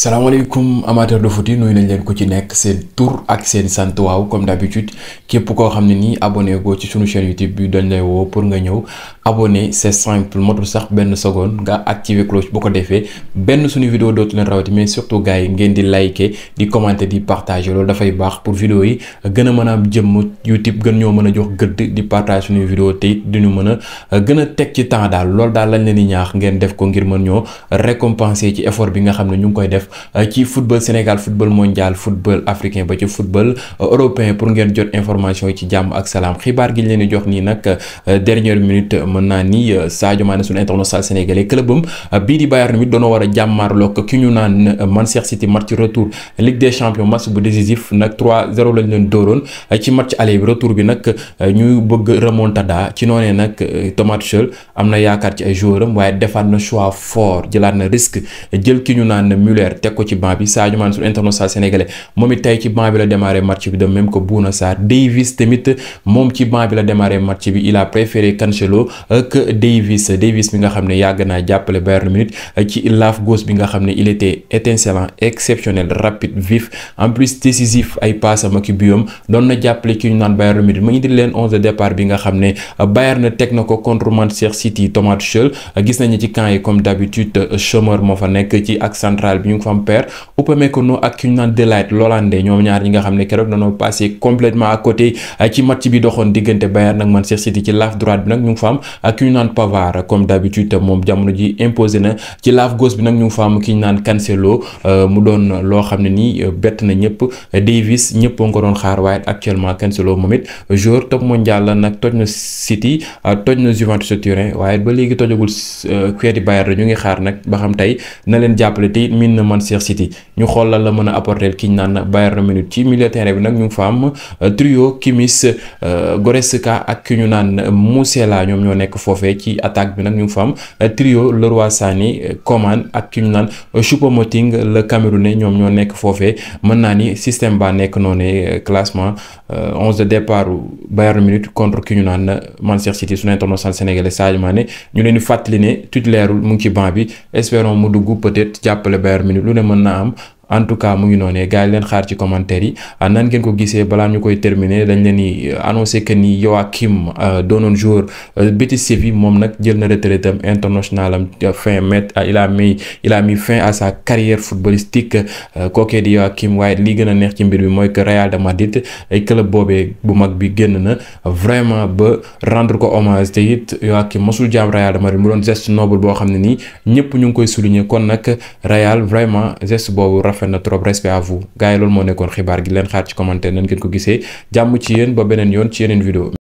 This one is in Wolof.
salaamaaleykum amateur de foot yi nuyu nañ leen ku ci nekk seen tur ak seen sant waaw comme d'habitude képp koo xam ne nii aboneekoo goo ci sunu chaîne YouTube bi dañ lay woo pour nga ñëw abonné c'est simple motul sax benn seconde nga activer cloche bu ko defee benn suñu vidéo dootu leen rawati mais surtout gars yi ngeen di liker di commenter di partager loolu dafay baax pour vidéo yi gën a mën a am jëmm YouTube gën ñoo mën a jox gëdd di partage suñu vidéo te it duñu mën a euh, gën a teg ci temps daal loolu daal lañ leen di ñaax ngeen def ko ngir mën ñoo récompenser ci effort bi nga xam ne ñu ngi koy def euh, ci football Sénégal football mondial football africain ba ci football euh, européen pour ngeen jot information yi ci jàmm ak salaam xibaar gi ñu di jox nii nag dernière minute mën naa ni euh, Sadio Mané suñu international sénégalais clubam euh, bii di Bayern mi doon war a jàmmaarloog ki ñu naan euh, Manchester City match retour Ligue des champions match bu décisif nag 3-0 lañ leen ci match aller bi retour bi nag ñu bëgg remontada ci noonee nag Thomas Tuchel am na yaakaar ci ay joueurs am waaye defaat na choix fort jëlaat na risque jël ki ñu naan Müller teg ko ci banc bi Sadio Mané suñu international sénégalais moom it tey ci banc bi la démarré bi de même a ak Davis Davis bi nga xam ne yàgg naa jàppale Bayern Munich eh, ci laaf gauche bi nga xam ne il était étincelant exceptionnel rapide vif en plus décisif ay passam ak biyom na jàppale ki ñu naan Bayern leen onze de bi nga xam ne eh, Bayern teg na ko contre Manchester City Thomas Tuchel eh, gis nañu ci camp yi comme d'habitude Sommer moo fa nekk ci ak bi ñu ngi fa am paire Upamecano ak ki ñu ñi nga xam ne keroog dañoo passé complètement à côté ci nag ñu ngi fa am ak ñu naan Pavard comme d'habitude moom jamono ji imposé na ci laaf gauche bi nag ñu ngi fa am ki ñu naan euh, mu doon loo xam ne nii euh, bett na ñëpp Davis ñëpp nga doon xaar waaye actuellement Cancelo moom it joueur top mondial la nag toj na City euh, toj na Juventus Turin waaye ba léegi tojagul xeeti Bayern ñu ngi xaar nag ba xam tey na leen jàppale te miin na Manchester City ñu xool lan la mën a apporter ki ñu naan Bayern Munich ci milieu ñu ngi fa am trio Kimmich Goretzka ak ki ñu naan Musiala ñoom ñoo nekk foofee ci attaque bi nag ñu ngi fa am euh, trio Leroy Sané euh, Coman ak ki ñu naan euh, Choupo-Moting le ne ñoom ñoo nekk foofee mën naa ni système ba nekk noonu classement onze de départ Bayern Munich contre ki ñu naan Manchester City suñu international sénégalais Sadio Mané ñu leen di fàttali ne titulaire mu ngi ci banc bi espérons mu dugg peut-être jàppale Bayern Munich lu ne mën naa am. en tout cas mu ngi noonee gars yi leen xaar ci commentaire yi ah, nan ngeen ko gisee balaa ñu koy terminer dañ leen di euh, annoncé que ni Joachim euh, doonoon joueur euh, Betis Séville moom nag jël na retraite am international am fin mai il mi mis fin à sa carrière footballistique kookee di Joachim waaye lii gën a neex ci mbir bi mooy que Real de Madrid ay club boobee bu mag bi génn na vraiment ba rendre ko hommage te it Joachim mosul jaam Real de Madrid mu doon geste boo xam ne nii ñëpp ñu ngi koy souligner kon nag Real vraiment geste boobu rafet trop respect à vous gars yi loolu moo nekkoon xibaar gi leen xaar ci commentaire nan ngeen ko gisee jàmm ci yéen ba beneen yoon ci yeneen vidéo